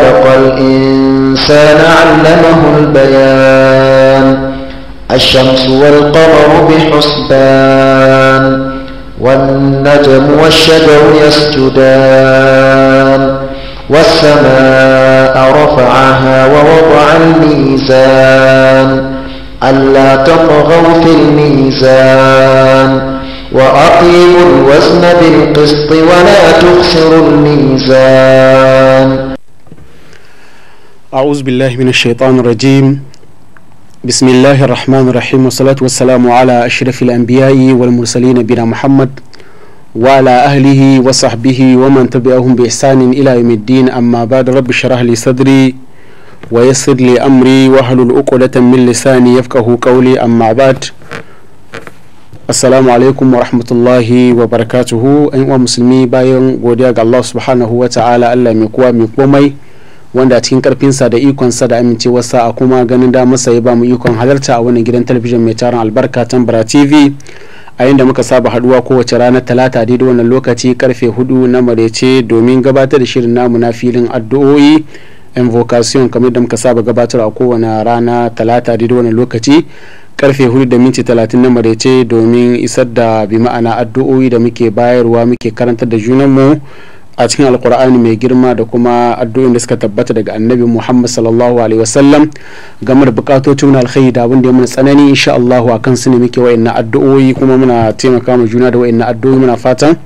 خلق الإنسان علمه البيان الشمس والقمر بحسبان والنجم والشجر يسجدان والسماء رفعها ووضع الميزان ألا تطغوا في الميزان وأقيموا الوزن بالقسط ولا تخسروا الميزان أعوذ بالله من الشيطان الرجيم بسم الله الرحمن الرحيم والصلاة والسلام على أشرف الأنبياء والمرسلين بنا محمد وعلى أهله وصحبه ومن تبعهم بإحسان إلى يوم الدين أما بعد رب شرح لي صدري ويسر لي أمري وهل الأقلة من لساني يفقه قولي أما بعد السلام عليكم ورحمة الله وبركاته أيها المسلمين بايون musulmi الله سبحانه وتعالى ألا مقوى مقومي ta'ala wanda a cikin karfinsa da ikonsa da amincewarsa a kuma ganin da masa ya ba mu ikon halarta a wannan gidan talabijin mai taron albarka tambara tv a yadda muka saba haduwa kowace ranar talata daidai wannan lokaci karfe hudu na marece domin gabatar da shirin namu na filin addu'o'i invocation kamar da muka saba gabatar a kowane rana talata daidai wannan lokaci karfe hudu da minti talatin na marece domin isar da bi ma'ana addu'o'i da muke bayarwa muke karantar da junanmu a cikin alkur'ani mai girma da kuma addu'o'in da suka tabbata daga annabi muhammad sallallahu alaihi wasallam game da bukatocin alkhairi da abin da ya mana tsanani insha allahu akan su ne muke na addu'o'i kuma muna taimaka ma juna da na addu'o'i muna fatan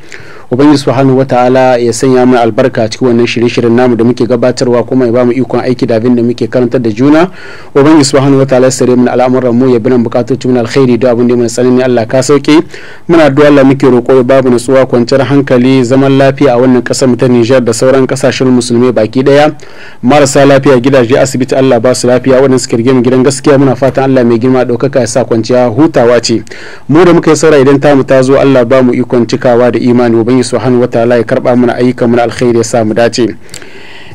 ubangiji subhanahu wataala ya sanya mu albarka cikin wannan shirye-shiryen namu da muke gabatarwa kuma ya bamu ikon aiki da abin da muke karantar da juna ubangiji subhanahu wataala ya sare mu al'amuran mu ya bi nan bukatocin mu alkhairi da abin da mun tsanani Allah ka sauke muna addu'a Allah muke roƙo ya babu nutsuwa kwanciyar hankali zaman lafiya a wannan ƙasar mu ta Nijar da sauran kasashen musulmi baki daya marasa lafiya gidaje asibiti Allah ba su lafiya wannan suke rigen gidan gaskiya muna fatan Allah mai girma ɗaukaka ya sa kwanciya hutawa ce mu da muka yi saura idan tamu ta zo Allah ba mu ikon cikawa da imani ubangiji subhanahu wataala ya karba mana ayyukan mu na alkhairi ya sa mu dace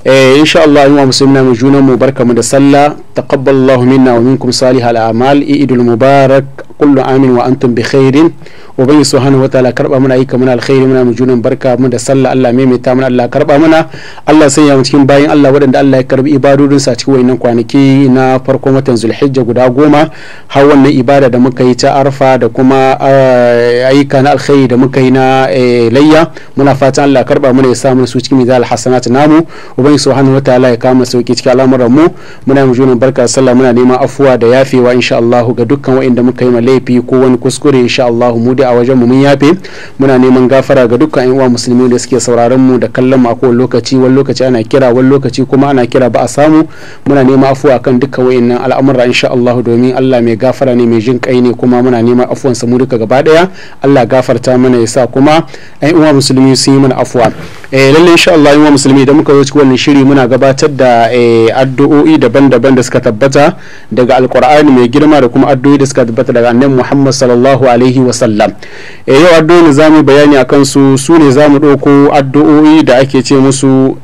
eh insha Allah mu musulmina mu junan mu barkamu da sallah taqabbalallahu minna wa minkum salihal a'mal idul mubarak kullu amin wa antum bi khairin ubangi wata wataala karba muna aika muna alkhairi muna mu junan barka mu da sallah Allah maimaita muna Allah karba muna Allah sanya mu cikin bayan Allah waɗanda Allah ya karbi ibadodin sa cikin wayannan kwanaki na farkon watan Zulhijja guda goma har wannan ibada da muka yi ta Arfa da kuma eh, aika na alkhairi da muka yi na eh, layya muna fatan Allah karba muna ya sa mu su cikin mizal hasanat namu ubangi subhanahu wataala ya kama sauki cikin al'amuran mu muna mu junan barka sallah muna neman afuwa da yafewa insha Allah ga dukkan waɗanda muka yi ma laifi ko wani kuskure insha Allah mu da a wajen mu mun yafe muna neman gafara ga dukkan ƴan uwa musulmi da suke sauraron mu da kallon mu a kowane lokaci wani lokaci ana kira wani lokaci kuma ana kira ba a samu muna neman afuwa kan dukkan wayannan al'amura insha Allah domin Allah mai gafara ne mai jin kai ne kuma muna neman afuwan sa mu duka gaba daya Allah gafarta mana ya sa kuma ƴan uwa musulmi su yi mana afuwa eh lalle insha Allah ƴan uwa musulmi da muka zo cikin wannan shiri muna gabatar da eh, addu'o'i daban-daban da suka tabbata daga alkur'ani mai girma da kuma addu'o'i da suka tabbata daga annabi Muhammad sallallahu alaihi wa sallam e yau addu'o'in da zamu bayani akan su su ne zamu ɗauko addu'o'i da ake ce musu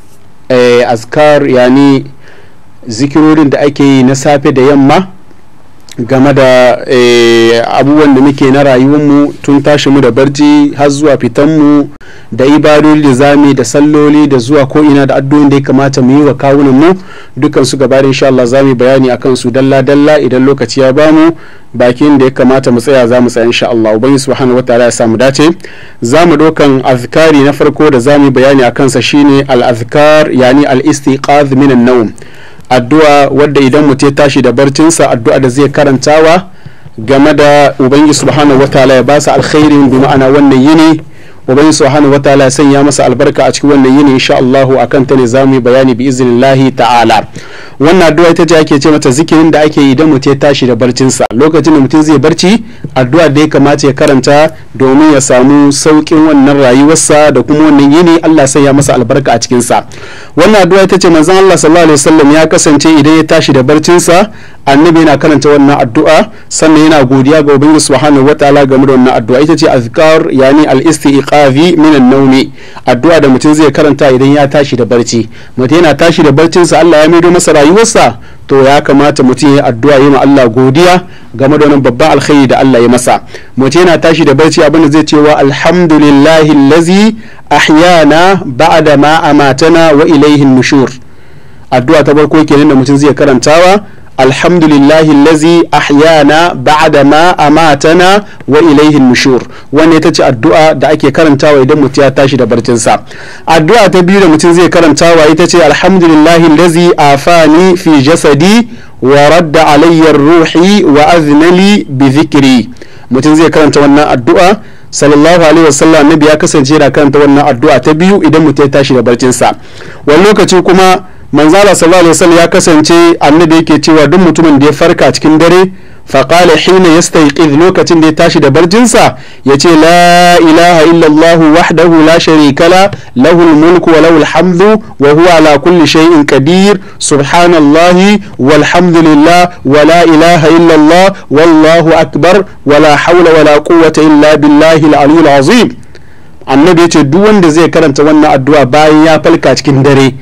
eh, azkar yani zikirorin da ake yi na safe da yamma game da eh, abubuwan da muke na rayuwarmu tun tashi mu da barci har zuwa fitan mu da ibadun da zami da salloli da zuwa ko ina da addu'in da ya kamata mu yi wa kawunan mu dukkan su gabarin Allah za mu bayani akan su dalla dalla idan lokaci ya bamu bakin da ya kamata mu tsaya za mu tsaya insha Allah ubangi subhanahu wataala ya samu dace za mu dokan azkari na farko da za mu bayani akan sa shine al azkar yani al istiqaz an nawm addu'a wadda idan mutum ya tashi da barcinsa addu'a da zai karantawa game da ubangiji subhanahu ta’ala ya ba su alkhairin bi ma'ana wannan yini su hana wata ya sanya masa albarka a cikin wannan yini insha a akan ta ne zamu yi bayani bi iznillahi ta'ala wannan addu'a ita ce ake ce mata zikirin da ake yi idan mutum ya tashi da barcin sa lokacin da mutum zai barci addu'a da ya kamata ya karanta domin ya samu saukin wannan rayuwarsa da kuma wannan yini Allah sanya masa albarka a cikin sa wannan addu'a ita ce manzon Allah sallallahu alaihi wasallam ya kasance idan ya tashi da barcin sa annabi yana karanta wannan addu'a sannan yana godiya ga ubangiji subhanahu wataala game da wannan addu'a ita ce azkar yani al-istiqa yuqazi minan naumi addu'a da mutum zai karanta idan ya tashi da barci mutum yana tashi da barcin sa Allah ya maido masa rayuwarsa to ya kamata mutum ya addu'a yi ma Allah godiya game da wannan babban alkhairi da Allah ya masa mutum yana tashi da barci abin da zai ce wa alhamdulillahi allazi ahyana ba'da ma amatana wa ilayhin nushur addu'a ta farko kenan da mutum zai karantawa alhamdulillahi lazi ahyana ba'da ma matana wa ilaihin nushur ya ta ce addu'a da ake karantawa idan mutum ya tashi da barcinsa addu'a ta biyu da mutum zai karantawa ita ce alhamdulillahi lazi afani fi jasadi wa radda alayyar ruhi wa aznali bi zikiri mutum zai karanta wannan addu'a sallallahu alaihi wasallam na ya kasance da karanta wannan addu'a ta biyu idan mutum ya tashi da barcinsa wani lokaci kuma manzala sallallahu alaihi ya kasance annabi yake cewa duk mutumin da ya farka cikin dare faƙala hina ya lokacin da ya tashi da barjinsa ya ce la ilaha illallah wahdahu la sharikala lahul mulku wa lahul hamdu wa huwa ala kulli shay'in qadir subhanallahi walhamdulillah wa la ilaha illallah wallahu akbar wa la hawla wa la quwwata illa billahi al-aliyyil azim annabi ya ce duk wanda zai karanta wannan addu'a bayan ya farka cikin dare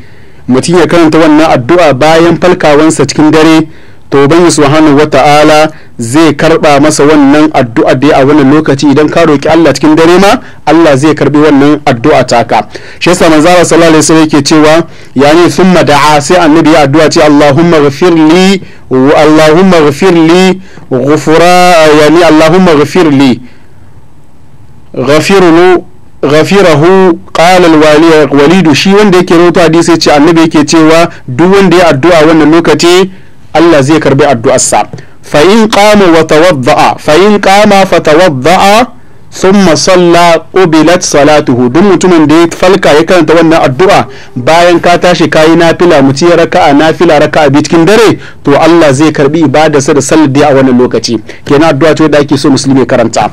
mutum ya karanta wannan addu'a bayan falkawansa cikin dare to ubangi subhanahu wata'ala zai karba masa wannan addu'a da a wannan lokaci idan ka roki Allah cikin dare ma Allah zai karbi wannan addu'a taka shi yasa manzo Allah sallallahu alaihi yake cewa yani thumma da'a sai annabi ya addu'a ce Allahumma ghafirli wa Allahumma ghufra yani Allahumma ghafirahu qala walidu shi wanda yake rawaito hadisi ce annabi yake cewa duk wanda ya addu'a wannan lokaci Allah zai karbi addu'arsa fa in qama wa tawadda'a fa in qama fa tawadda'a thumma salla qubilat salatuhu duk mutumin da ya falka ya karanta wannan addu'a bayan ka tashi kayi nafila muti raka'a nafila raka'a bi cikin dare to Allah zai karbi ibadarsa da sallar da a wannan lokaci kenan addu'a ce da ake so musulmi karanta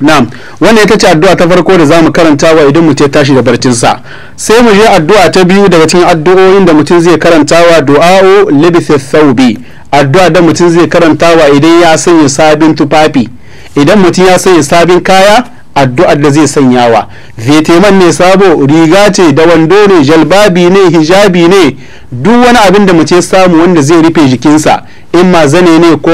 na'am wannan ita ce addu'a ta farko da zamu karanta wa idan mutum ya tashi da barcin sa sai mu je addu'a ta biyu daga cikin addu'o'in da mutum zai karanta wa du'a'u libith thawbi addu'a da mutum zai karanta wa idan ya sanya sabin tufafi idan mutum ya sanya sabin kaya addu'a da zai sanyawa vitamin ne sabo riga ce da wando ne jalbabi ne hijabi ne duk wani abin da ya samu wanda zai rufe jikinsa in ma zane ne ko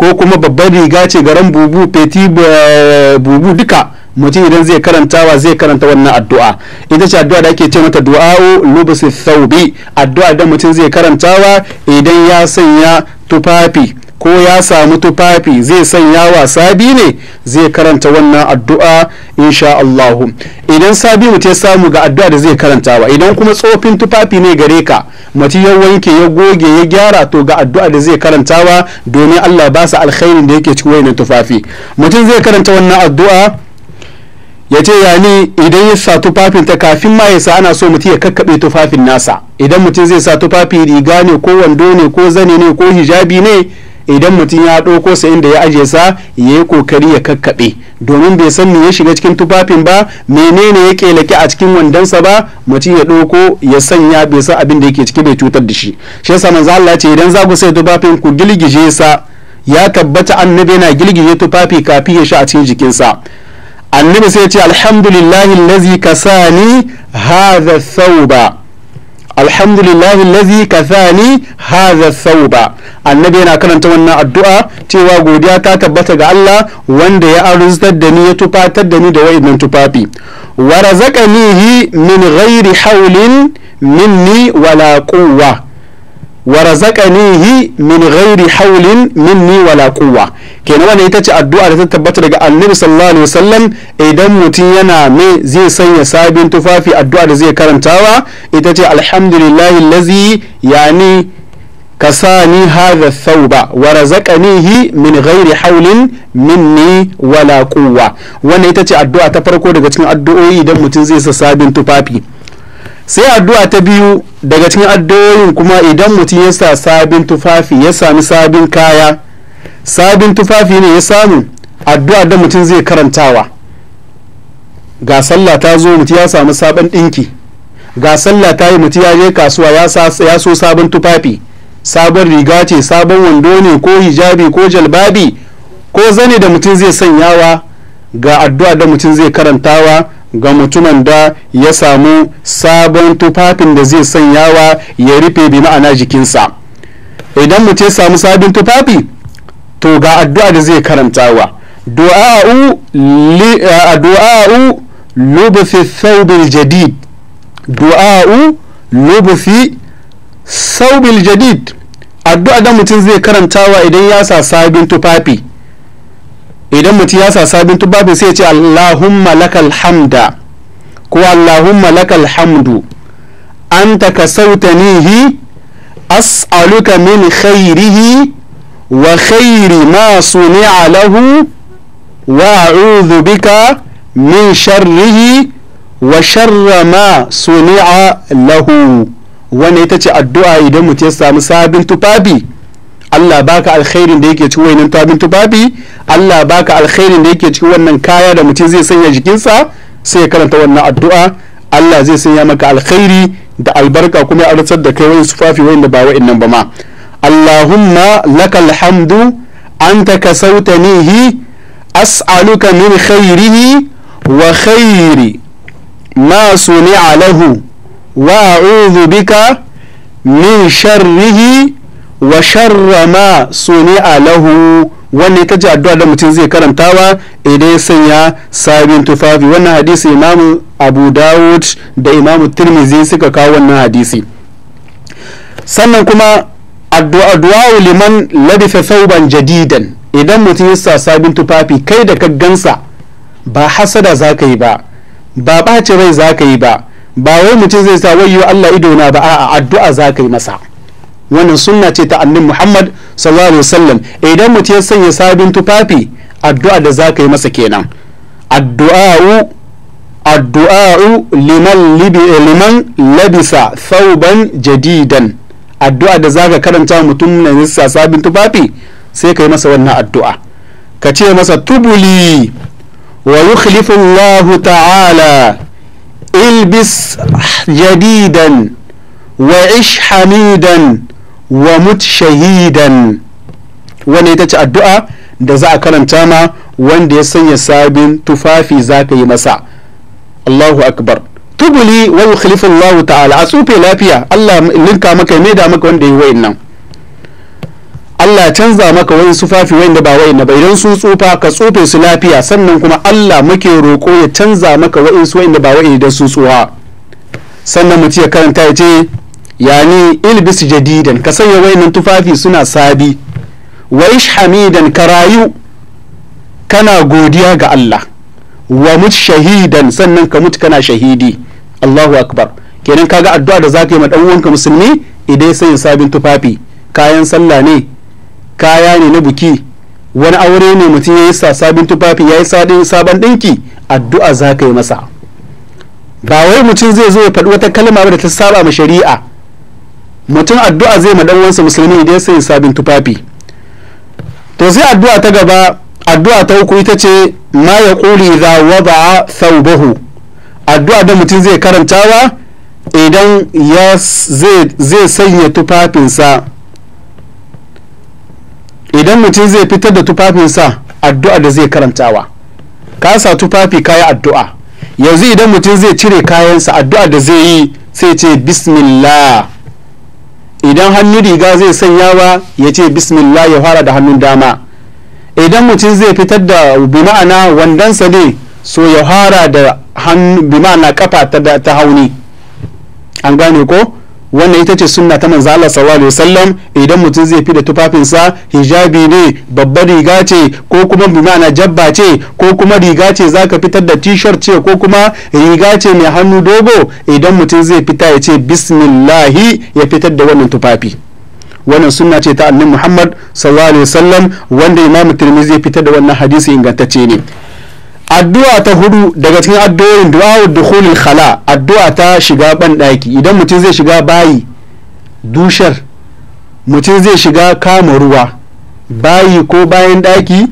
ko kuma babban riga ce garan bubu feti eh, bubu duka mutum idan zai karantawa zai karanta wannan addu'a ita ce addu'a da ake ce mata du'a lubus thawbi addu'a da mutum zai karantawa idan ya sanya tufafi ko ya samu tufafi zai sanya wa sabi ne zai karanta wannan addu'a insha Allahu idan sabi ta ya samu ga addu'a da zai karanta karantawa idan kuma tsofin tufafi ne gare ka mutum ya wanke ya goge ya gyara to ga addu'a da zai karanta karantawa domin Allah ba sa alkhairin da yake cikin wannan tufafi mutum zai karanta wannan addu'a ya ce yani idan ya sa tufafin ta kafin ma ya sa ana so mutum ya kakkaɓe tufafin nasa idan mutum zai sa tufafi riga ne ko wando ne ko zane ne ko hijabi ne idan mutum ya ɗauko sa inda ya aje sa ya yi kokari ya kakkaɓe domin bai san ya shiga cikin tufafin ba menene ya kelake a cikin wandonsa ba mutum ya ɗauko ya sanya bai san abin da yake ciki bai cutar da shi shi yasa manzo Allah ce idan za ku sai tufafin ku gilgije sa ya tabbata annabi yana gilgije tufafi kafin ya sha a cikin jikinsa annabi sai ya ce alhamdulillahi allazi kasani hadha thawba alhamdulillah lazi kasani hadha thawba annabi yana karanta wannan addu'a cewa godiya ta tabbata ga Allah wanda ya arzutar da ni ya tufatar da ni da wayannan tufafi wa razaqanihi min ghairi hawlin minni wala quwwa wa min ghairi hawlin minni wala quwwa kenan wannan ita ce addu'a da ta tabbata daga annabi sallallahu alaihi wasallam idan mutum yana me zai sanya sabin tufafi addu'a da zai karantawa ita ce alhamdulillahi allazi yani kasani hadha thawba wa min ghairi hawlin minni wala quwwa wannan ita ce addu'a ta farko daga cikin addu'o'i idan mutum zai sa sabin tufafi sai addu'a ta biyu daga cikin addu'o'in kuma idan mutum ya sa sabin tufafi ya sami sabin kaya sabin tufafi ne ya samu addu'a da mutum zai karantawa ga sallah ta zo mutum ya samu sabon ɗinki ga sallah ta yi mutum ya je kasuwa ya so sabon tufafi sabon riga ce sabon wando ne ko hijabi ko jalbabi ko zane da mutum zai sanyawa ga addu'a da mutum zai karantawa ga mutumin da ya samu sabon tufafin da zai sanyawa ya rufe bi ma'ana jikinsa idan mutum ya samu sabon tufafi to ga addu'a da zai karantawa du'a'u du'a'u lubufi thawbil jadid du'a'u lubufi thawbil jadid addu'a da mutum zai karantawa idan ya sa sabon tufafi idan mutum ya sa sabin tubabin sai ya ce allahumma lakal hamda ko allahumma lakal hamdu an ka sautanihi as'aluka min khairihi wa khairi ma suni'a lahu wa a'udhu bika min sharrihi wa sharra ma suni'a lahu wannan ita ce addu'a idan mutum ya sami sabin tufafi Allah baka alkhairin da yake cikin wayannan tabin tubabi Allah baka alkhairin da yake cikin wannan kaya da mutum zai sanya jikinsa sai ya karanta wannan addu'a Allah zai sanya maka alkhairi da albarka kuma ya arsar da kai wani sufafi wanda ba wa'annan ba ma Allahumma lakal hamdu anta kasautanihi as'aluka min khairihi wa khairi ma suni'a lahu wa a'udhu bika min sharrihi wa sharra ma suni'a lahu wannan ita ce addu'a da mutum zai karantawa idan ya sanya sabin tufafi wannan hadisi imamu abu dawud da imamu tirmizi suka kawo wannan hadisi sannan kuma addu'a liman ladifa sauban jadidan idan mutum ya sa sabin tufafi kai da kaggansa ba hasada za ka yi ba ba ɓacin rai za ka yi ba ba wai mutum zai sa wayo Allah idona ba a'a addu'a za ka yi masa wannan sunna ce ta annabi Muhammad sallallahu alaihi wasallam idan mutum ya sanya sabin tufafi addu'a da zaka yi masa kenan addu'a'u addu'a'u liman liman labisa thawban jadidan addu'a da zaka karanta mutum ne sa sabin tufafi sai ka yi masa wannan addu'a ka ce masa tubuli wa yukhlifu Allah ta'ala ilbis jadidan wa ish hamidan wa mut shahidan wani ita ce addu'a da za a karanta ma wanda ya sanya sabin tufafi za ka yi masa Allahu akbar tubuli wa khalifin Allah ta'ala a tsufe lafiya Allah linka maka ya da maka wanda ya yi nan Allah ya canza maka wani sufafi wanda ba wa'in ba idan sun tsufa ka tsufe su lafiya sannan kuma Allah muke roƙo ya canza maka wa'in su wa'in ba wa'in da sun tsuwa sannan mutum ya karanta ya ce yani ilbis jadidan ka sanya wainan tufafi suna sabi wa ish hamidan ka rayu kana godiya ga Allah wa mut shahidan sannan ka mutu kana shahidi Allahu akbar kenan kaga addu'a da zaka yi ma dan uwanka musulmi idan sai sabin tufafi kayan sallah ne kaya ne na buki wani aure ne mutum ya yi sabin tufafi ya yi sabon ɗinki addu'a za ka yi masa ba wai mutum zai zo ya faɗi wata kalma da ta saba ma shari'a mutum addu'a zai ma wansa musulmi idan sai sabin tufafi to sai addu'a ta gaba addu'a ta uku ita ce ma ya kuli za sau saubahu addu'a da mutum zai karantawa idan ya zai sanya tufafinsa idan mutum zai fitar da tufafinsa addu'a da zai karantawa ka sa tufafi kayi addu'a yanzu idan mutum zai cire kayansa addu'a da zai yi sai ce bismillah idan hannu riga zai sanya ba ya ce bismillah ya fara da hannun dama idan mutum zai fitar da bi ma'ana wandonsa ne so ya fara da hannu bi ma'ana kafa ta hauni an gane ko wannan ita ce sunna ta manzo Allah sallallahu alaihi wasallam idan mutum zai fi da tufafinsa hijabi ne babbar riga ce ko kuma bi ma'ana jabba ce ko kuma riga ce zaka fitar da t-shirt ce ko kuma riga ce mai hannu dogo idan mutum zai fita ya ce bismillahi ya fitar da wannan tufafi wannan sunna ce ta annabi Muhammad sallallahu alaihi wasallam wanda Imam Tirmidhi ya fitar da wannan hadisi ingantacce ne addu'a ta hudu daga cikin addu'o'in du'a dukhulil khala addu'a ta shiga ban daki idan mutum zai shiga bayi dushar mutum zai shiga kama ruwa bayi ko bayan daki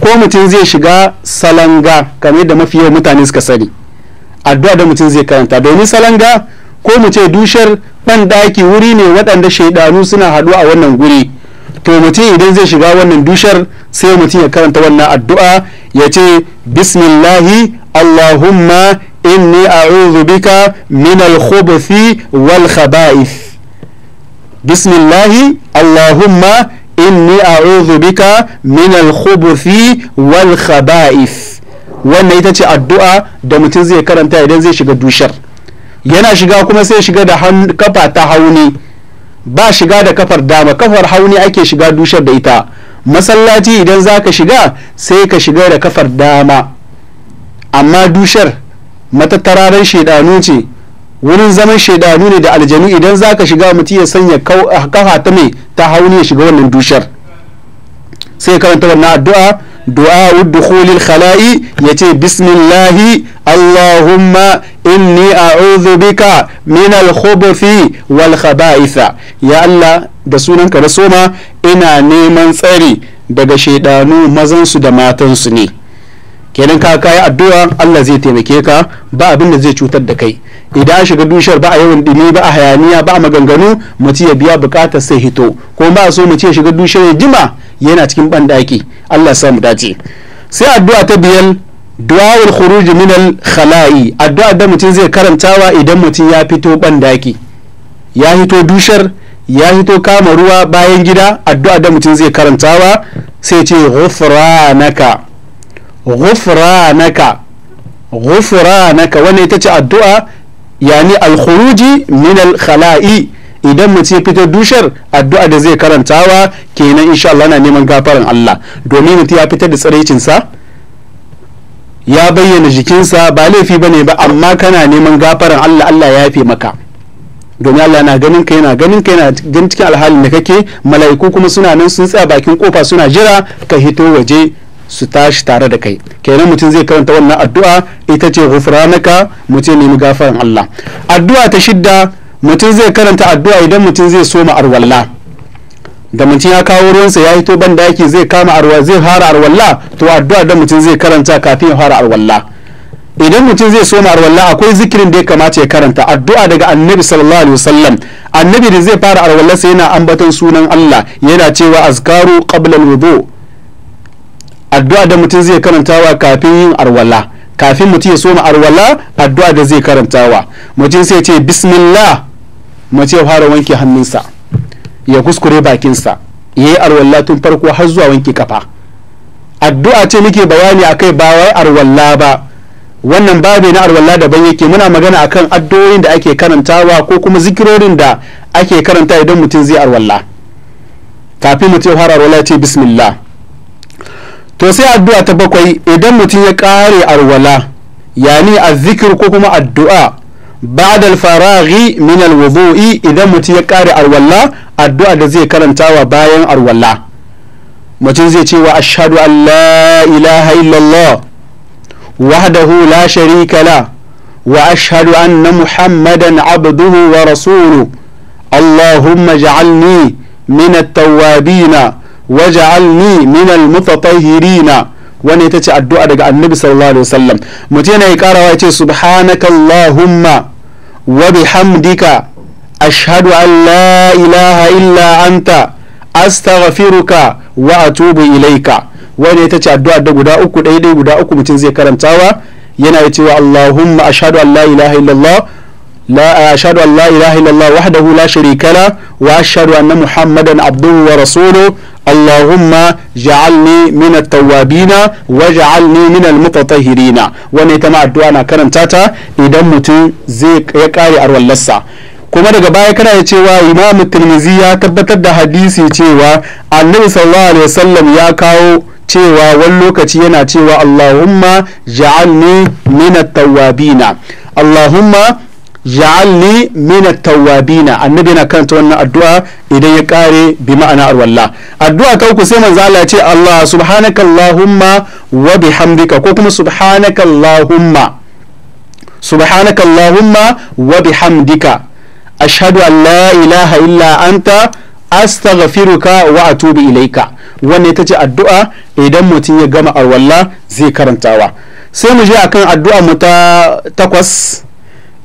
ko mutum zai shiga salanga kamar yadda mafi yawan mutane suka sani addu'a da mutum zai karanta domin salanga ko mu ce dushar ban daki wuri ne waɗanda shaidanu suna haɗu a wannan guri to mutum idan zai shiga wannan dushar sai mutum ya karanta wannan addu'a ya ce bismillahi allahumma inni a'udhu bika min al wal khaba'ith bismillahi allahumma inni a'udhu bika min al-khubuthi wal khaba'ith wannan ita ce addu'a da mutum zai karanta idan zai shiga dushar yana shiga kuma sai shiga da kafa ta hauni ba shiga da kafar dama kafar hauni ake shiga dushar da ita masallaci idan za ka shiga sai ka shiga da kafar dama amma dushar matattararen shaidanu ce wurin zaman shaidanu ne da aljanu idan za ka shiga mutum ya sanya kafa ta mai ta hauni ya shiga wannan dushar sai karanta wannan addu'a du'a dukhulil khala'i yace bismillahi allahumma inni a'udhu bika min al wal khaba'itha ya Allah da sunanka da soma ina neman tsari daga shaidanu mazansu da matansu ne kenan ka kayi addu'a Allah zai taimake ka ba abin da zai cutar da kai idan an shiga dushar ba a yawan dumi ba a hayaniya ba a maganganu mutum ya biya bukatar sai hito ko ba so mutum ya shiga dushar ya jima yana cikin bandaki Allah sa mu dace sai addu'a ta biyar du'a'ul khuruj min al khala'i addu'a da mutum zai karantawa idan mutum ya fito bandaki ya hito dushar ya hito kama ruwa bayan gida addu'a da mutum zai karantawa sai ce ghufranaka غفرانك غفرانك وني ita ce addu'a yani من khuruji idan mace ya fito dushar addu'a da zai karantawa kenan insha Allah na neman gafaran Allah domin mutum ya fitar da tsiraicinsa ya bayyana jikinsa ba laifi bane ba amma kana neman gafaran Allah Allah ya yafe maka domin Allah na ganin ka yana ganin ka yana ganin cikin alhalin da kake mala'iku kuma suna nan sun tsaya bakin kofa suna jira ka hito waje su tashi tare da kai kenan mutum zai karanta wannan addu'a ita ce ghufranaka mutum nemi gafaran Allah addu'a ta shidda mutum zai karanta addu'a idan mutum zai soma arwalla da mutum ya kawo ruwansa ya hito banda yake zai kama arwa zai fara arwalla to addu'a da mutum zai karanta kafin ya fara arwalla idan mutum zai soma arwalla akwai zikirin da ya kamata ya karanta addu'a daga annabi sallallahu alaihi wasallam annabi da zai fara arwalla sai yana ambaton sunan Allah yana cewa azkaru qabla al addu'a da mutum zai karantawa kafin yin arwala kafin mutum ya soma arwala addu'a da zai karantawa mutum sai ce bismillah mace ya fara wanke hannunsa ya kuskure bakinsa ya yi arwala tun farko har zuwa wanke kafa addu'a ce muke bayani akai ba wai arwala ba wannan babi na arwala daban yake muna magana akan addu'o'in da ake karantawa ko kuma zikirorin da ake karanta idan mutum zai arwala kafin mutum ya fara arwala ce bismillah to sai addu'a ta bakwai idan mutum ya ƙare arwala yani azzikir ko kuma addu'a ba'dal faraghi min alwudu'i idan mutum ya ƙare arwala addu'a da zai karantawa bayan arwala mutum zai ce wa ashhadu an la ilaha illallah wahdahu la sharika la wa ashhadu anna muhammadan abduhu wa rasuluhu allahumma ja'alni min at-tawwabina waj'alni al mutatahhirina wani ita ce addu'a daga annabi sallallahu alaihi wasallam mutum yana karawa ce subhanakallahumma wa bihamdika ashhadu an la ilaha illa anta astaghfiruka wa atubu ilayka wani ita ce addu'a da guda uku daidai guda uku mutum zai karantawa yana yi cewa allahumma ashhadu an la ilaha illallah لا أشهد أن لا إله إلا الله وحده لا شريك له وأشهد أن محمدا عبده ورسوله Allahumma ja'alni min at-tawwabina waj'alni min al-mutatahhirina wannan ita ma addu'a na karanta ta idan mutum zai ya kare arwallarsa kuma daga baya kana da cewa imamu tirmizi ya tabbatar da hadisi cewa annabi sallallahu alaihi wasallam ya kawo cewa wani lokaci yana cewa Allahumma ja'alni min at-tawwabina Allahumma ja'alni min at-tawwabina annabi na karanta wannan addu'a idan ya kare bi ma'ana alwalla addu'a ta uku sai manzo Allah ya ce Allah subhanaka allahumma wa bihamdika ko kuma subhanaka allahumma subhanaka allahumma wa bihamdika ashhadu an la ilaha illa anta astaghfiruka wa atubu ilayka wannan ita ce addu'a idan mutum ya gama alwalla zai karantawa sai mu je akan addu'a mu ta takwas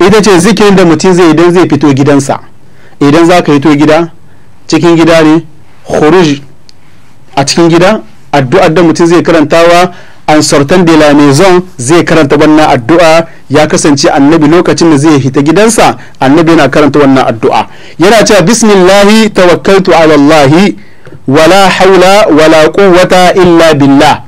ita ce zikirin da mutum zai idan zai fito gidansa idan za ka hito gida cikin gida ne khuruj a cikin gida addu'ar da mutum zai karantawa an sortan de la maison zai karanta wannan addu'a ya kasance annabi lokacin da zai fita gidansa annabi yana karanta wannan addu'a yana cewa bismillahi tawakkaltu ala allah wala haula wala quwwata illa billah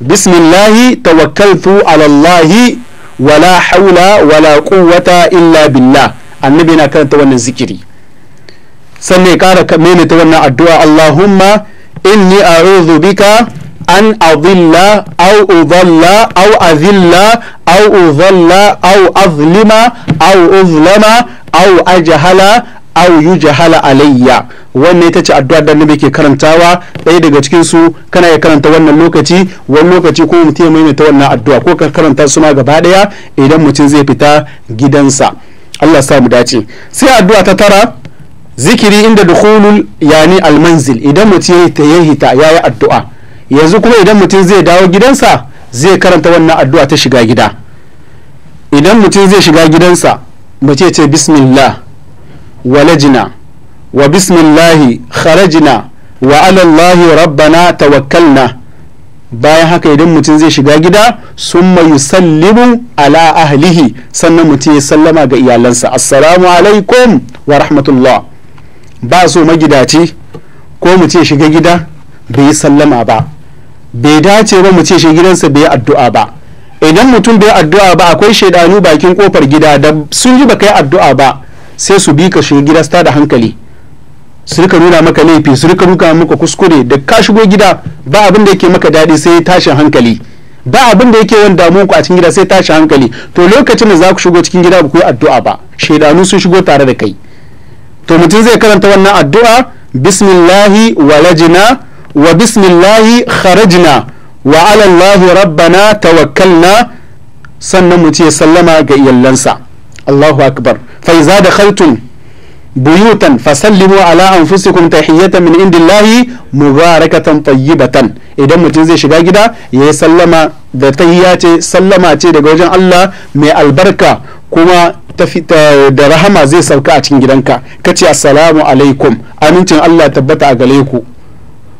bismillahi tawakkaltu ala allah wala haula wala quwwata illa billah annabi yana karanta wannan zikiri sannan kara kara ta wannan addu'a Allahumma inni a'udhu bika an adilla aw udalla aw azilla aw udalla aw azlima aw uzlama aw ajhala aw jahala alayya wannan ita ce addu'a da annabi ke karantawa ɗaya daga cikin su kana ya karanta wannan lokaci wani lokaci ko mutum ya maimaita wannan addu'a ko ka karanta suna gaba daya idan mutum zai fita gidansa Allah sa mu dace sai addu'a ta tara zikiri inda dukhulul yani almanzil idan mutum ya hita yi addu'a yanzu kuma idan mutum zai dawo gidansa zai karanta wannan addu'a ta shiga gida idan mutum zai shiga gidansa mace ce bismillah walajina wa bismillahi kharajina wa alallahi rabbana tawakkalna bayan haka idan mutum zai shiga gida sun yusallimu ala ahlihi sannan mutum ya sallama ga iyalansa assalamu alaikum wa rahmatullah ba so magidaci ko mutum ya shiga gida bai sallama ba bai dace ba mutum ya shiga gidansa bai addu'a ba idan mutum bai addu'a ba akwai shaidanu bakin kofar gida da sun ji ba kai addu'a ba sai su bi ka shiga gida su da hankali su rika nuna maka laifi su rika nuna maka kuskure da ka shigo gida ba abin da yake maka daɗi sai tashin hankali ba abin da yake wani damuwa ku a cikin gida sai tashin hankali to lokacin da za ku shigo cikin gida ba ku yi addu'a ba shaidanu sun shigo tare da kai to mutum zai karanta wannan addu'a bismillahi walajina wa bismillahi kharajna wa alallahi rabbana tawakkalna sannan mu ce sallama ga iyallansa Allahu akbar faiza da khaltun buyutan fasallimu ala anfusikum tahiyyatan min indillahi mubarakatan tayyibatan idan mutum zai shiga gida yayi sallama da tahiyya ce sallama ce daga wajen Allah mai albarka kuma da rahama zai sauka a cikin gidanka kace assalamu alaikum amincin Allah tabbata a gare ku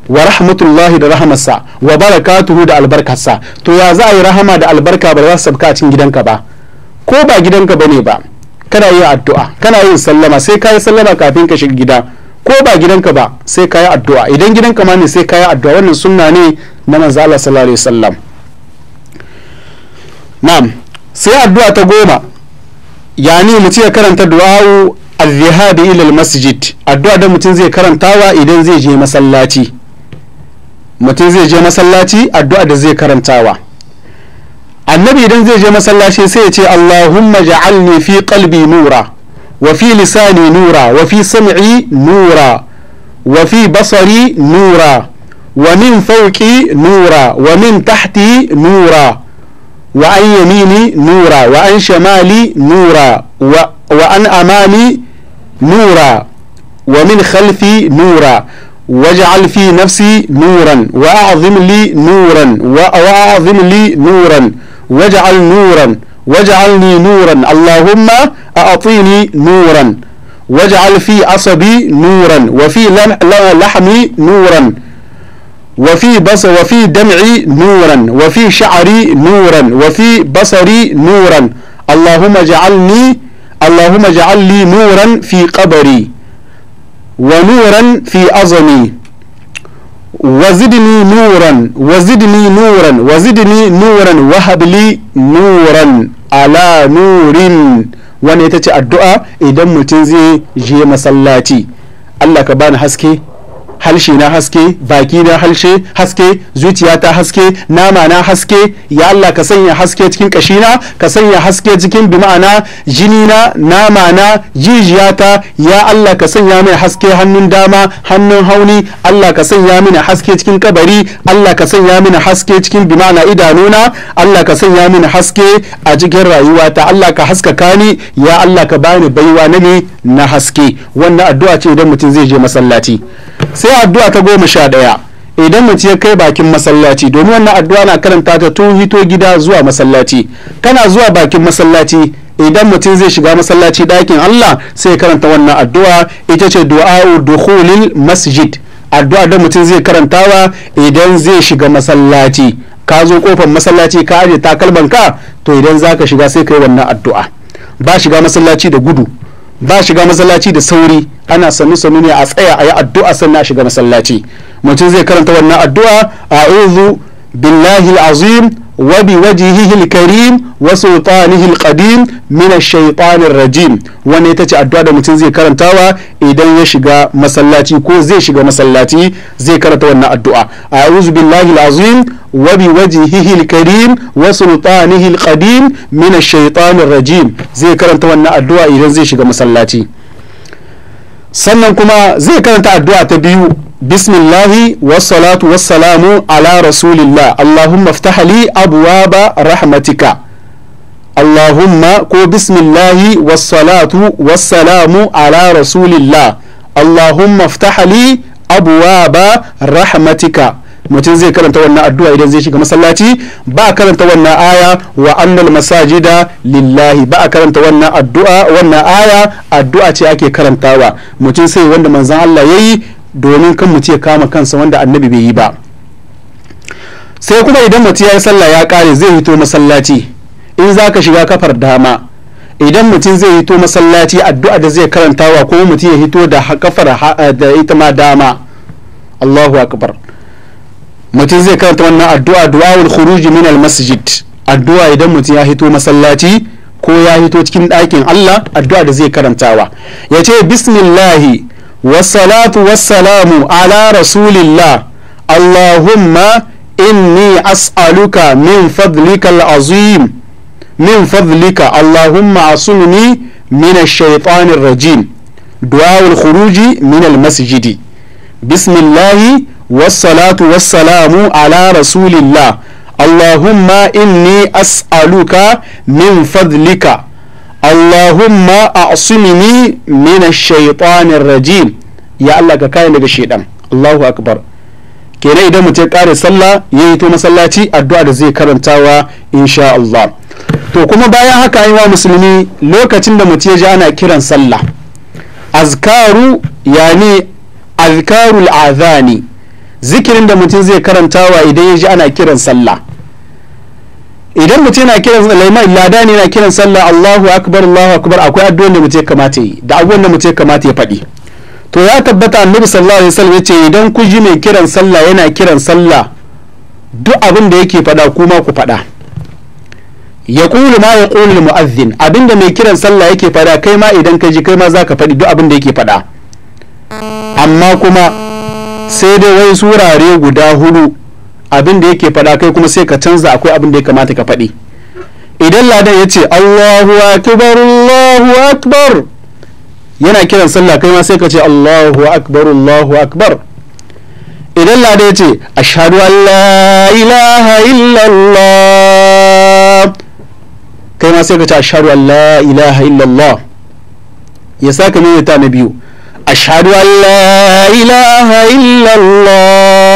wa rahmatullahi da rahamarsa wa barakatuhu da albarkarsa to ya za a yi rahama da albarka ba za su sauka a cikin gidanka ba ko ba gidanka bane ba kana yin addu'a kana yin sallama sai ka yi sallama kafin ka shiga gida ko ba gidanka ba sai ka yi addu'a idan gidanka ma ne sai ka yi addu'a wannan sunna ne na manzo Allah sallallahu alaihi wasallam na'am sai addu'a ta goma yani mutum ya karanta du'a'u al-dhihab ila al-masjid addu'a da mutum zai karantawa idan zai je masallaci mutum zai je masallaci addu'a da zai karantawa النبي دن زي جي مسلاشي سيتي اللهم اجعلني في قلبي نورا وفي لساني نورا وفي سمعي نورا وفي بصري نورا ومن فوقي نورا ومن تحتي نورا وعن يميني نورا وعن شمالي نورا وعن امامي نورا ومن خلفي نورا واجعل في نفسي نورا وأعظم لي نورا وأعظم لي نورا واجعل نورا واجعلني نورا اللهم أعطيني نورا واجعل في عصبي نورا وفي لحمي نورا وفي بص وفي دمعي نورا وفي شعري نورا وفي بصري نورا اللهم اجعلني اللهم اجعل لي نورا في قبري ونورا في أظمي وزدني نورا وزدني نورا وزدني نورا وهب لي نورا على نور wani ita ce addu'a idan mutum zai je masallaci Allah ka bani haske halshe na haske baki na halshe haske zuciya ta haske nama na haske ya Allah ka sanya haske cikin kashina ka sanya haske cikin bima'ana jini na nama na jijiyata ya Allah ka sanya mini haske hannun dama hannun hauni Allah ka sanya mini haske cikin kabari Allah ka sanya mini haske cikin bima'ana idanuna Allah ka sanya mini haske a cikin rayuwata Allah ka haskaka ni ya Allah ka bani baiwa na ne na haske wannan addu'a ce idan mutum zai je masallaci sai addu'a ta goma sha ɗaya idan mace ya kai bakin masallaci domin wannan addu'a na karanta ta tun hito gida zuwa masallaci kana zuwa bakin masallaci idan mutum zai shiga masallaci ɗakin Allah sai karanta wannan addu'a ita ce du'a'u dukhulil masjid addu'a da mutum zai karantawa idan zai shiga masallaci ka zo kofar masallaci ka ajiye takalman ka to idan zaka shiga sai kai wannan addu'a ba shiga masallaci da gudu ba shiga masallaci da sauri ana sannu sannu ne a tsaya a yi addu'a sannan a shiga masallaci mutum zai karanta wannan addu'a a'udhu billahi azim وبوجهه الكريم وسلطانه القديم من shaitanin rajim wani ita ce addu'a da mutum zai karantawa idan ya shiga masallaci ko zai shiga masallaci zai karanta wannan addu'a a'udhu billahi al-azim wa bi wajhihi al-karim wa sultanihi al-qadim rajim zai karanta wannan addu'a idan zai shiga masallaci sannan kuma zai karanta addu'a ta biyu bismillahi wassalatu wassalamu ala rasulillah allahumma ftah abwaba rahmatika allahumma ko bismillahi wassalatu wassalamu ala rasulillah allahumma ftah abwaba rahmatika mutum zai karanta wannan addu'a idan zai shiga masallaci ba a karanta wannan aya wa annal masajida lillahi ba a karanta wannan addu'a wannan aya addu'a ce ake karantawa mutum sai wanda manzon Allah yayi domin kan mu ya kama kansa wanda annabi bai yi ba sai kuma idan mace ya yi sallah ya kare zai hito masallaci in za ka shiga kafar dama idan mutum zai hito masallaci addu'a da zai karantawa ko mutum ya hito da kafar eh, da ita ma dama Allahu akbar mutum zai karanta wannan addu'a du'aul Kuruji min al masjid addu'a idan mutum ya hito masallaci ko ya hito cikin ɗakin Allah addu'a da zai karantawa ya ce bismillahi والصلاة والسلام على رسول الله اللهم إني أسألك من فضلك العظيم من فضلك اللهم عصمني من الشيطان الرجيم دعاء الخروج من المسجد بسم الله والصلاة والسلام على رسول الله اللهم إني أسألك من فضلك Allahumma a'simini min shaitanir rajim ya Allah ka kare daga shaidan Allahu akbar kenan idan mutum kare sallah ya yi to masallaci addu'a da zai karantawa insha Allah to kuma bayan haka yi wa musulmi lokacin da mutum ya ji ana kiran sallah azkaru yani azkarul azani zikirin da mutum zai karantawa idan ya ji ana kiran sallah idan mutum yana kiran laiman lada ne yana kiran sallah Allahu akbar Allahu akbar akwai addua da mutum kamata yi da abubuwan da mutum kamata ya faɗi to ya tabbata annabi sallallahu alaihi wasallam yace idan ku ji mai kiran sallah yana kiran sallah duk abin da yake faɗa kuma ku faɗa ya kulu ma ya kulu mu'azzin abinda mai kiran sallah yake faɗa kai ma idan ka ji kai ma zaka faɗi duk abin da yake faɗa amma kuma sai dai wai surare guda hudu abin da yake faɗa kai kuma sai ka canza akwai abin da ya kamata ka faɗi idan ladan ya ce Allahu akbar Allahu akbar yana kiran sallah kai ma sai ka ce Allahu akbar Allahu akbar idan ladan ya ce ashadu an la ilaha illallah kai ma sai ka ce ashhadu an la ilaha illallah ya saka ne ta na biyu ashadu an la ilaha illallah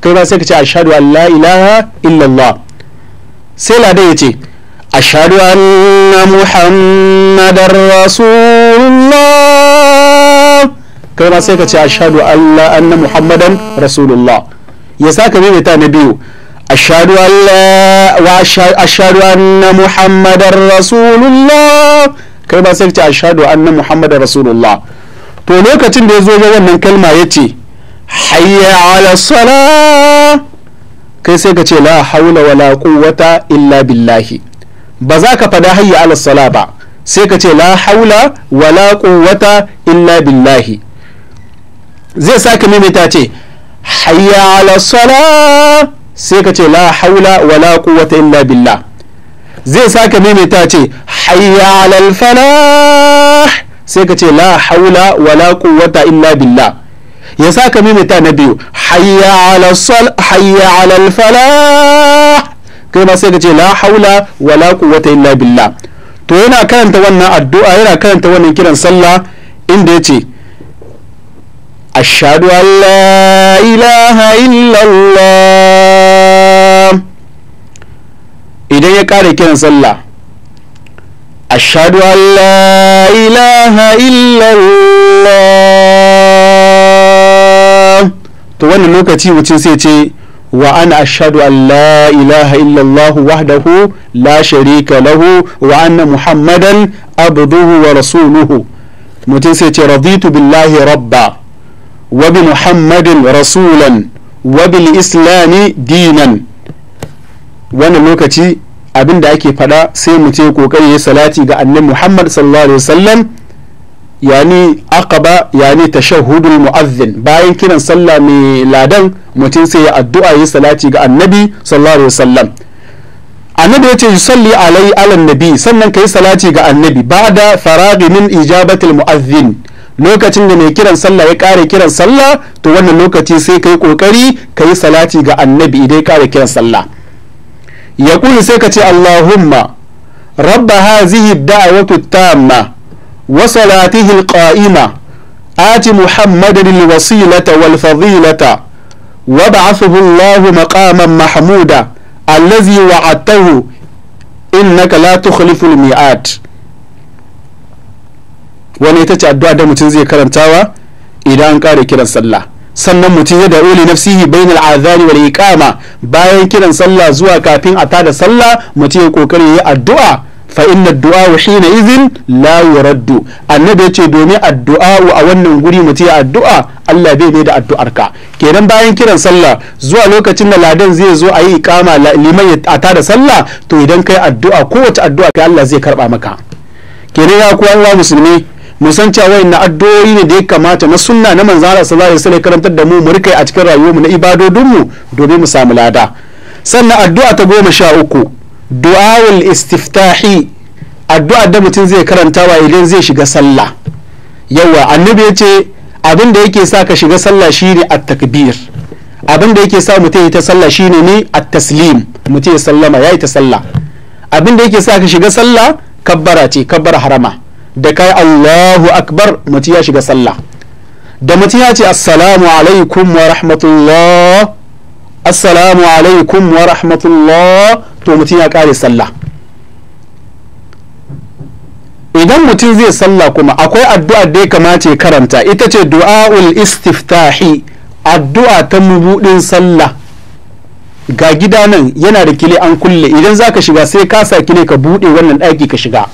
kai ba sai ka ce ashhadu an la ilaha illallah sai ladan ya ce ashhadu anna muhammadar rasulullah kai ba sai ka ce ashhadu an la anna muhammadan rasulullah ya saka maimaita na biyu ashhadu an la wa ashhadu anna muhammadar rasulullah kai ba sai ka ce ashhadu anna muhammadar rasulullah to lokacin da ya zo ga wannan kalma ya ce hayya ala sala kai sai ka ce la haula wala quwwata illa billahi ba za ka fada hayya ala sala ba sai ka ce la haula wala quwwata illa billahi zai sake mimita ce hayya ala sala sai ka ce la haula wala quwwata illa billah zai sake maimaita ce hayya alal falah sai ka ce la haula wala quwwata illa billah ya sa ka mimita na biyu hayya ala sal hayya ala kai ma sai ka ce la haula wala quwwata illa billah to yana karanta wannan addu'a yana karanta wannan kiran sallah inda yace ashhadu an la ilaha illallah idan ya kare kiran sallah ashhadu an la ilaha illallah to wannan lokaci mutum sai ce wa ana ashadu an la ilaha illallah wahdahu la sharika lahu wa anna muhammadan abduhu wa rasuluhu mutum sai ce raditu billahi rabba wa bi muhammadin rasulan wa bil islami dinan wannan lokaci abin da ake faɗa sai mu ce kokari ya salati ga annabi muhammad sallallahu alaihi wasallam yani aqaba yani tashahhudul mu'azzin bayan kiran sallah mai ladan mutum sai ya addu'a ya salati ga annabi sallallahu alaihi wasallam annabi ya ce yusalli alai alan nabi sannan kai salati ga annabi ba'da faragi min ijabatul mu'azzin lokacin da mai kiran sallah ya kare kiran sallah to wannan lokaci sai kai kokari kai salati ga annabi idan ya kare kiran sallah ya sai ka ce allahumma rabba hazihi da'awatu tamma وصلاته القائمة آت محمد الوسيلة والفضيلة وابعثه الله مقاما محمودا الذي وعدته إنك لا تخلف الميعاد wani ita ce addu'a da mutum zai karantawa idan an kare kiran sallah sannan mutum ya da'u nafsihi bainal azani wal iqama bayan kiran sallah zuwa kafin a tada sallah mutum ya kokari ya addu'a fa inna du'a hina izin la yuraddu annabi ce domin addu'a a wannan guri mutum ya addu'a Allah bai mai da addu'ar ka kenan bayan kiran sallah zuwa lokacin da ladan zai zo a yi ikama liman ya ata da sallah to idan kai addu'a kowace addu'a kai Allah zai karba maka kenan ya kuwa Allah musulmi mu san cewa wayannan addu'o'i ne da ya kamata na sunna na manzo Allah sallallahu alaihi wasallam karantar da mu mu rika a cikin rayuwarmu na ibadodinmu domin mu samu lada sannan addu'a ta goma sha uku du'awul istiftahi addu'a da mutum zai karanta karantawa idan zai shiga sallah yawa annabi yace ce abin da yake sa ka shiga sallah shine at-takbir abin da yake sa mutum ya ta sallah shine ne at-taslim mutum ya sallama ya ta sallah abin da yake sa ka shiga sallah kabbara ce kabbara harama da kai Allahu akbar mutum ya shiga sallah da mutum ya ce assalamu alaikum wa rahmatullah assalamu alaikum wa rahmatullah to mutum ya kare sallah idan mutum zai sallah kuma akwai addu'a da ya kamata ya karanta ita ce du'a'ul istiftahi addu'a ta mubudin sallah ga gida nan yana da kile an kulle idan za ka shiga sai ka sa kile ka buɗe wannan ɗaki ka shiga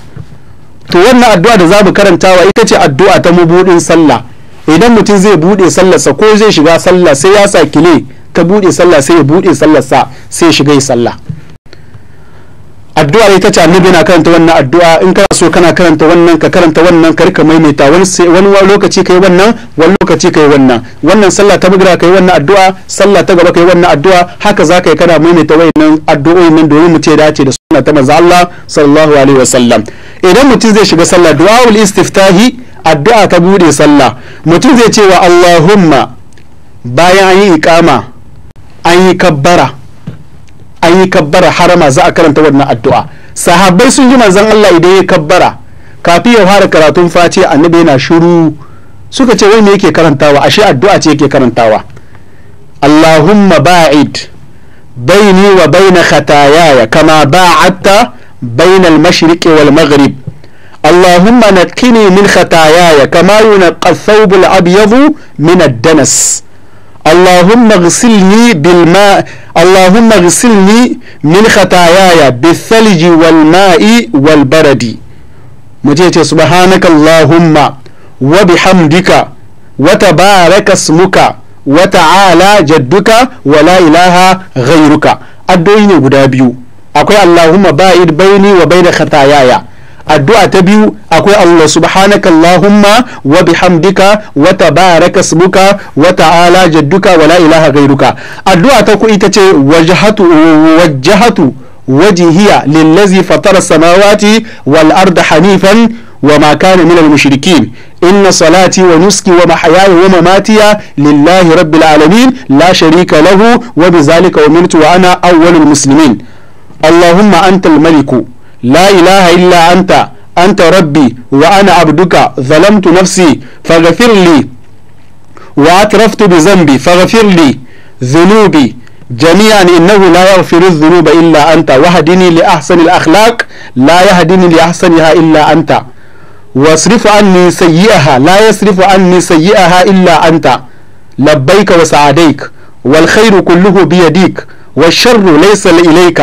to wannan addu'a da za mu karantawa ita ce addu'a ta mubudin sallah idan mutum zai buɗe sallarsa ko zai shiga sallah sai ya sa kile ta buɗe sallah sai ya buɗe sallarsa sai ya shiga ya sallah addu'a ita ce annabi na karanta wannan addu'a in kana so kana karanta wannan ka karanta wannan ka rika maimaita wani lokaci kai wannan wani lokaci kai wannan wannan sallah ta bugira kai wannan addu'a sallah ta gaba kai wannan addu'a haka za ka yi kana maimaita wayannan addu'o'in nan domin mu ce dace da sunna ta manzo Allah sallallahu alaihi wasallam idan mutum zai shiga sallah du'aul istiftahi addu'a ta bude sallah mutum zai ce wa Allahumma bayan an yi iqama an yi kabbara an yi kabbara harama za a karanta wannan addu'a sahabbai sun ji manzon Allah idan ya kabbara Kafi ya fara karatun fati annabi yana shiru suka ce wai me yake karantawa ashe addu'a ce yake karantawa Allahumma ba'id baini wa baina khatayaya kama ba'adta baina al-mashriq wal maghrib Allahumma naqqini min khatayaya kama yunqqa ath-thawb al-abyad min ad-danas اللهم اغسلني بالماء اللهم اغسلني من خطاياي بالثلج والماء والبرد مجيتي سبحانك اللهم وبحمدك وتبارك اسمك وتعالى جدك ولا إله غيرك أدوين غدابيو اكو اللهم باعد بيني وبين خطاياي addu'a ta biyu akwai Allah subhanaka Allahumma wa bihamdika wa tabaraka ismuka wa ta'ala jadduka wa la ilaha ghairuka addu'a ta ku ita ce wajhatu wajhatu wajhiya lillazi fatara samawati wal arda hanifan wa ma kana min al mushrikin inna salati wa nuski wa mahayaya wa mamatiya lillahi rabbil alamin la sharika lahu wa bizalika umirtu wa ana awwalul muslimin allahumma antal maliku لا إله إلا أنت أنت ربي وأنا عبدك ظلمت نفسي فاغفر لي وأترفت بذنبي فاغفر لي ذنوبي جميعا إنه لا يغفر الذنوب إلا أنت وهدني لأحسن الأخلاق لا يهدني لأحسنها إلا أنت واصرف عني سيئها لا يصرف عني سيئها إلا أنت لبيك وسعديك والخير كله بيديك والشر ليس إليك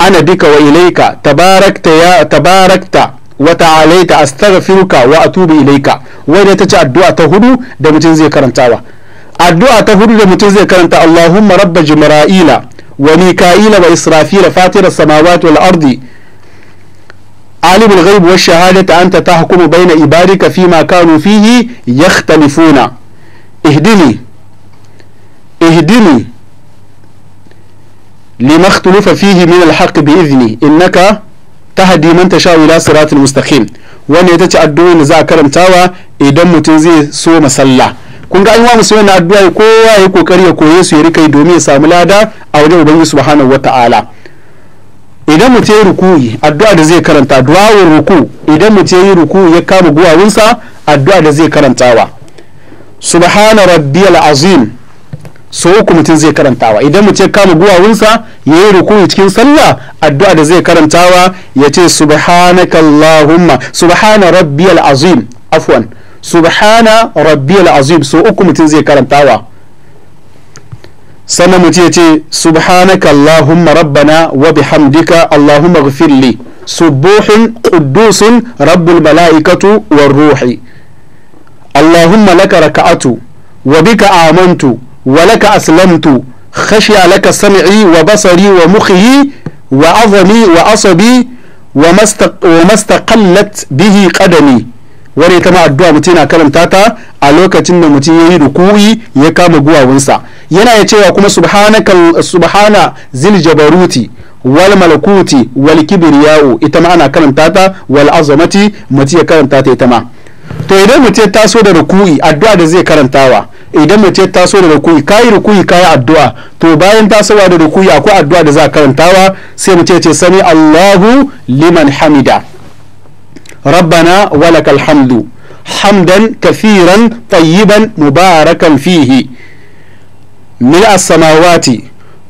أنا بك وإليك تباركت يا تباركت وتعاليت أستغفرك وأتوب إليك وإذا تجي الدعاء تهدو ده متين زي كرنتاوا الدعاء تهدو ده متين زي كرنتا اللهم رب جمرائيل وميكائيل وإسرافيل فاطر السماوات والأرض عالم الغيب والشهادة أنت تحكم بين عبادك فيما كانوا فيه يختلفون اهدني اهدني lima ikhtalafa fihi min alhaq bi idni innaka tahdi man tasha ila siratal mustaqim wannan ita ce addu'an da za karantawa idan mutum zai so masalla kun ga an wa musu wannan addu'a kowa ya kokari ya koye su ya rika yi domin ya samu lada a wajen ubangiji subhanahu wata'ala idan mu yi ruku'i addu'a da zai karanta du'awar ruku idan mu yi ruku'i ya kama guwawunsa addu'a da zai karantawa subhana rabbiyal azim so uku mutum zai karantawa idan mu ce kama guwawunsa ya yi ruku'u cikin sallah addu'a da zai karantawa ya ce subhanakallahumma subhana rabbiyal azim afwan subhana rabbiyal azim so uku mutum zai karantawa sannan mutum ya ce subhanaka allahumma rabbana wa bihamdika allahumma ghfirli subuhin quddusun rabbul mala'ikatu war ruhi allahumma laka raka'atu wa bika amantu walaka aslamtu خشي لك sam'i wa basari wa mukhi wa azami wa قدمي wa bihi wani ta ma addu'a mutum yana karanta ta a lokacin da mutum yayi ruku'i ya kama guwawunsa yana ya cewa kuma subhanaka subhana zil jabaruti wal malakuti wal kibriyahu ita ma ana karanta ta wal azamati mutum ya karanta ta ita ma to idan mutum ya taso da ruku'i addu'a da zai karantawa idan mace ta so da rukuyi kayi rukuyi kayi addu'a to bayan tasowa da rukuyi akwai addu'a da za a karantawa sai mu ce sani Allahu liman hamida rabbana walakal hamdu hamdan kafiran tayyiban mubarakan fihi wa ma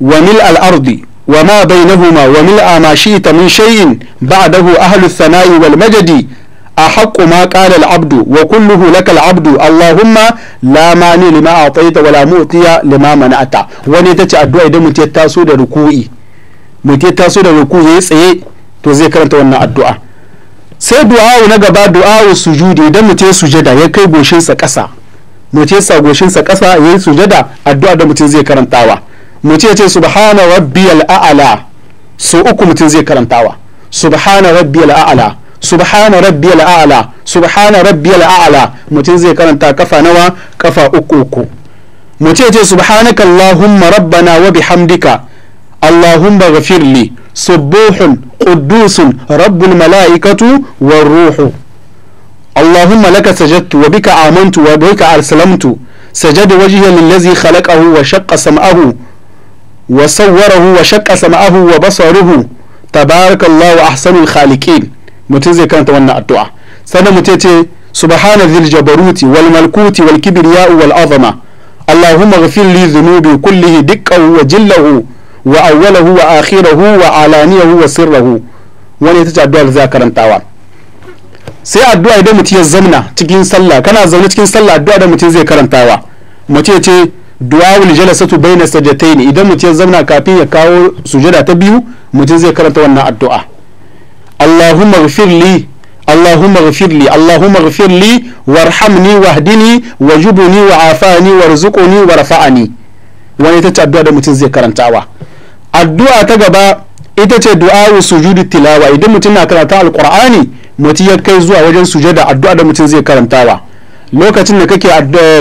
وملء الأرض وما بينهما وملء ما شئت من شيء بعده أهل wal والمجد أحق ما قال العبد وكله لك العبد اللهم لا مانع لما أعطيت ولا مؤتي لما منعت wani ita ce addu'a idan mutum ya taso da ruku'i mutum ya taso da ruku'i tsaye to zai karanta wannan addu'a sai du'awu na gaba du'a'u sujudi idan mutum ya sujada ya kai goshinsa ƙasa mutum ya sa goshinsa ya yi sujada addu'a da mutum zai karantawa mutum ya ce subhana rabbiyal a'ala so uku mutum zai karantawa subhana rabbiyal a'ala subhana rabbiyal a'la subhana rabbiyal a'la mutum zai karanta kafa nawa kafa uku uku mu ce ce subhanaka allahumma rabbana wa bihamdika allahumma ghafirli subuhun qudusun rabbul mala'ikatu war ruhu allahumma laka sajadtu wa bika amantu wa bika arsalamtu sajada wajhiya lillazi khalaqahu wa shaqqa sam'ahu wa sawwarahu wa shaqqa sam'ahu wa basaruhu tabarakallahu ahsanul khaliqin mutum zai karanta wannan addu'a sannan mutum ce subhana dhil jabaruti wal malkuti wal kibriya wal azama allahumma ghfir li dhunubi kullihi dukkan wa jillahu wa awwalahu wa akhirahu wa alaniyahu wa sirrahu wani ita ce addu'a da za karantawa sai addu'a idan mutum ya zamna cikin sallah kana zaune cikin sallah addu'a da mutum zai karantawa mutum ce wal jalasatu baina sajdataini idan mutum ya zamna kafin ya kawo sujada ta biyu mutum zai karanta wannan addu'a Allahumma ghafirli Allahumma ghafirli Allahumma ghafirli warhamni wahdini wajubni wa'afani warzuqni warfa'ani wani ita ce addu'a da mutum zai karantawa addu'a ta gaba ita ce du'a sujudi tilawa idan mutum na karanta alqur'ani mutum ya kai zuwa wajen sujada addu'a da mutum zai karantawa lokacin da kake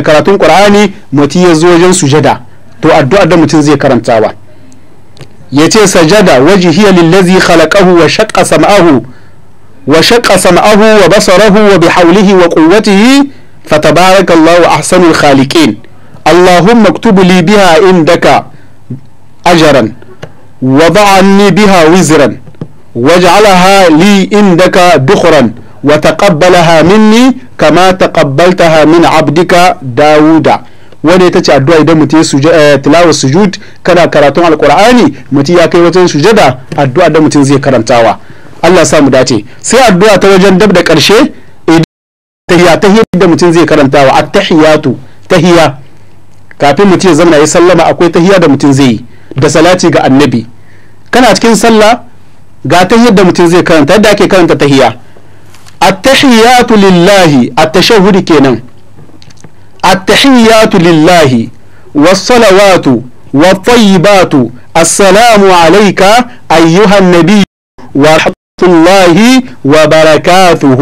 karatun qur'ani mutum ya zo wajen sujada to addu'a da mutum zai karantawa يتي سجد وجهي للذي خلقه وشق سمعه وشق سمعه وبصره وبحوله وقوته فتبارك الله أحسن الخالقين اللهم اكتب لي بها عندك أجرا وضعني بها وزرا واجعلها لي عندك بخرا وتقبلها مني كما تقبلتها من عبدك داود wanda ita ce addu'a idan mutum ya eh, tilawa sujud kana karatun alqur'ani mutum ya kai wajen sujada addu'a da mutum zai karantawa Allah sa mu dace sai addu'a ta wajen dab da karshe tahiyya tahiyya da mutum zai karantawa at-tahiyatu tahiyya kafin mutum ya zama ya sallama akwai tahiyya da mutum zai yi da salati ga annabi kana cikin sallah ga tahiyyar da mutum zai karanta yadda ake karanta tahiyya at-tahiyatu lillahi at-tashahhud kenan التحيات لله والصلوات والطيبات السلام عليك أيها النبي ورحمة الله وبركاته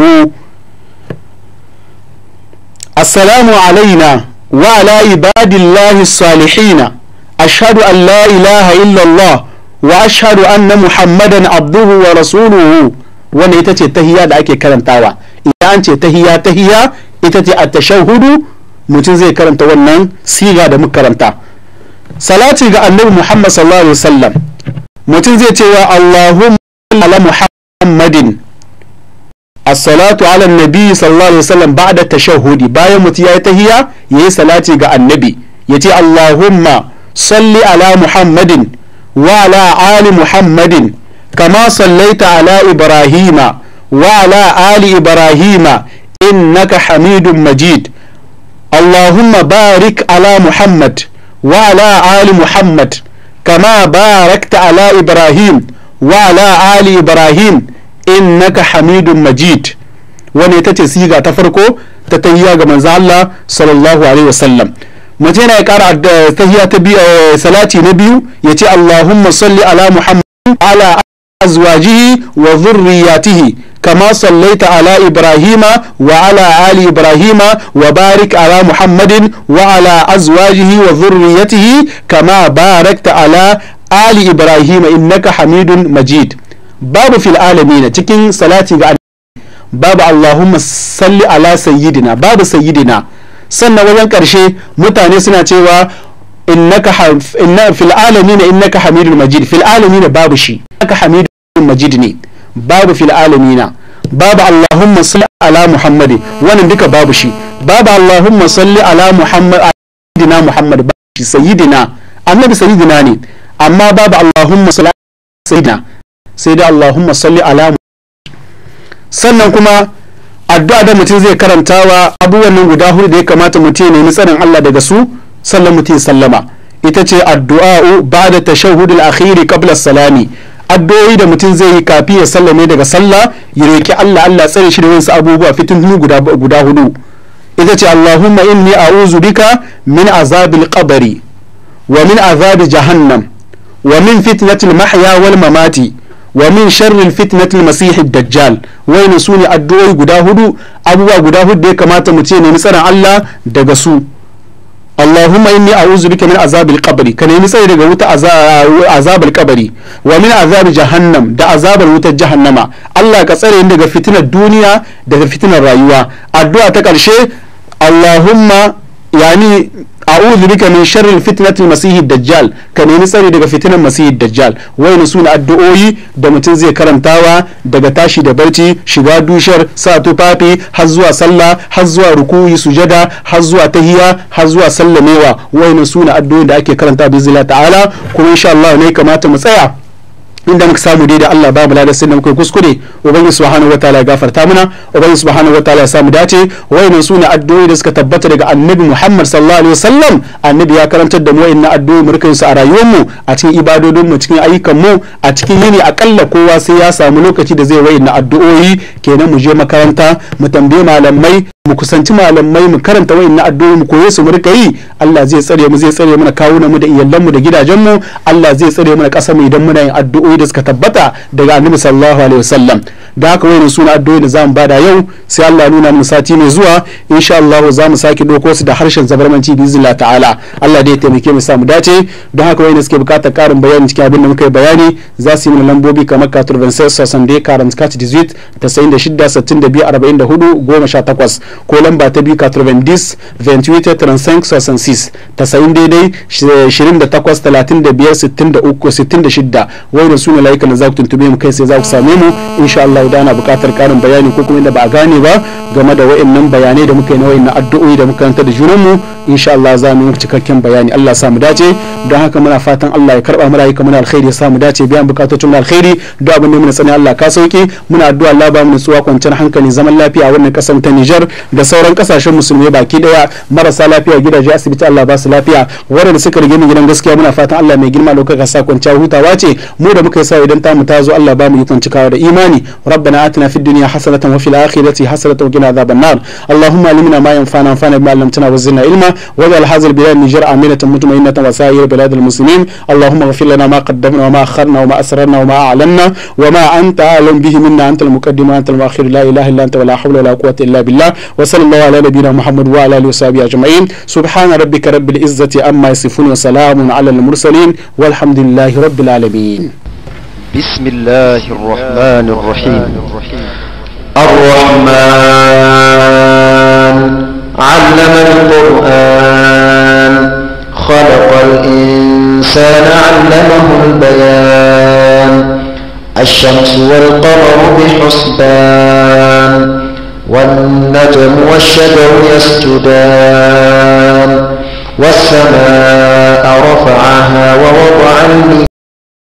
السلام علينا وعلى عباد الله الصالحين أشهد أن لا إله إلا الله وأشهد أن محمدا عبده ورسوله وأن يتتهيا دعك كلام تاوى إذا أنت تهيا تهيا يتتي التشهد mutum zai karanta wannan siga da muka karanta salati ga annabi muhammad sallallahu alaihi wasallam mutum zai cewa allahumma ala muhammadin as-salatu ala nabi sallallahu alaihi wasallam ba'da tashahudi bayan mutum yayi tahiyya yayi salati ga annabi yace allahumma salli ala muhammadin wa ala ali muhammadin kama sallaita ala ibrahima wa ala ali ibrahima innaka hamidun majid Allahuma barik ala Muhammad wala ali Muhammad kama barakta ala Ibrahim wala ali Ibrahim innaka Hamidun Majid wani ita ce siga ta farko ta tahiya ga manzo Allah sallallahu alaihi wasallam mace yana ya kara tahiya ta biyu eh, salati na biyu yace Allahumma salli ala Muhammad أزواجه وذرياته كما صليت على إبراهيم وعلى آل إبراهيم وبارك على محمد وعلى أزواجه وذريته كما باركت على آل إبراهيم إنك حميد مجيد باب في العالمين تكين صلاة باب اللهم صل على سيدنا باب سيدنا sannan wajen ƙarshe mutane suna cewa innaka fil alamin innaka hamidul majid fil alamin babu shi innaka hamidul majid babu fil alamina babu allahumma salli ala muhammadi wannan duka babu shi babu allahumma salli ala muhammad sayyidina muhammad babu shi sayyidina annabi sayyidina ne amma babu allahumma salli ala sayyidina sai dai allahumma salli ala sannan kuma addu'a da mutum zai karantawa abubuwan nan guda hudu da ya kamata mutum ya nemi tsarin Allah daga su sallan mutum sallama ita ce addu'a ba'da tashahhudul akhiri qabla salami addu'o'i da mutum zai yi kafi ya sallame daga sallah ya roki Allah Allah tsare shi da wasu abubuwa fitin guda guda hudu ita ce Allahumma inni a'udhu bika min azabil qabri wa min azabi jahannam wa min fitnatil mahya wal mamati wa min sharril fitnatil masih dajjal wayanne sune addu'o'i guda hudu abubuwa guda hudu da ya kamata mu ce nemi tsaron Allah daga su Allahumma inni a'udhu bika min azabil qabri ka nemi tsaye daga wuta azabar kabari wa min azabi jahannam da azabar wutar jahannama Allah ka tsare ni daga fitinar duniya daga fitinar rayuwa addu'a ta karshe Allahumma yani a'udhu bika min sharri fitnatil masihi dajjal ka nemi tsari daga fitinan masihi dajjal waina suna addu'o'i da mutum zai karantawa daga tashi da barci shiga dushar sa tufafi har zuwa sallah har zuwa ruku'i sujada har zuwa tahiya har zuwa sallamewa wayan suna addu'o'i da ake karanta bi ta'ala kuma insha Allah ne kamata mu tsaya inda muka samu dai da Allah ba mu ladan sunan kai kuskure ubangiji subhanahu wataala ya gafarta muna ubangiji subhanahu wataala ya samu dace wayannan sune addu'o'i da suka tabbata daga annabi Muhammad sallallahu alaihi wasallam annabi ya karantar da mu wayannan addu'o'i murkan su a rayuwar mu a cikin ibadodin mu cikin ayyukan mu a cikin yini akalla kowa sai ya samu lokaci da zai wayannan addu'o'i kenan mu je makaranta mu tambaye malamai mu kusanci malamai mu karanta wayin na addu'o'i mu koye su mu rika yi Allah zai tsare mu zai tsare mana kawunan mu da iyalan mu da gidajen mu Allah zai tsare mana kasar mu idan muna yin addu'o'i da suka tabbata daga Annabi sallallahu alaihi wasallam da haka wayin suna addu'o'i da zamu bada yau sai Allah nuna mu sati mai zuwa insha Allah za mu sake doko su da harshen zabarmanci biiznillah ta'ala Allah dai ya taimake mu samu dace don haka wayin suke bukatar karin bayani cikin abin da muka yi bayani za su yi mana lambobi kamar 96 sassan da ya 18 96 62 44 18 ko lamba ta biyu 90 28 35 66 tasayin daidai 28 35 66 wai su ne layukan da za ku tuntube mu kai sai za ku same mu insha Allah da ana buƙatar ƙarin bayani ko kuma inda ba a gane ba game da wa'annan bayanai da muka yi na wa'annan addu'o'i da muka yanta da mu insha Allah za mu yi cikakken bayani Allah sa mu dace don haka muna fatan Allah ya karba mu rayuka muna alkhairi ya sa mu dace biyan bukatocin mu alkhairi duk abin da muna sani Allah ka sauke muna addu'a Allah ba mu nutsuwa kwanciyar hankali zaman lafiya a wannan kasar ta Niger da sauran kasashen musulmai baki daya marasa lafiya gidaje asibiti Allah ba lafiya waɗanda suka rige ni gidan gaskiya muna fatan Allah mai girma ɗaukaka sa kwanciya hutawa ce mu da muka yi sa idan ta zo Allah ba mu yi kwancikawa da imani rabbana atina fid dunya hasanatan wa fil akhirati hasanatan wa qina adhaban nar allahumma alimna ma yanfa'una anfa'na bima 'allamtana wa a ilma wa ja'al hadhihi al-bilad nijar aminatan mutma'innatan wa sa'ir bilad al-muslimin allahumma ighfir lana ma qaddamna wa ma akharna wa ma asrarna wa ma a'lanna wa ma anta a'lam bihi minna wa anta al-mu'akhir la wa la وصلى الله على نبينا محمد وعلى اله وصحبه اجمعين سبحان ربك رب العزه عما يصفون وسلام على المرسلين والحمد لله رب العالمين بسم الله الرحمن الرحيم الرحمن علم القرآن خلق الإنسان علمه البيان الشمس والقمر بحسبان والنجم والشجر يسجدان والسماء رفعها ووضع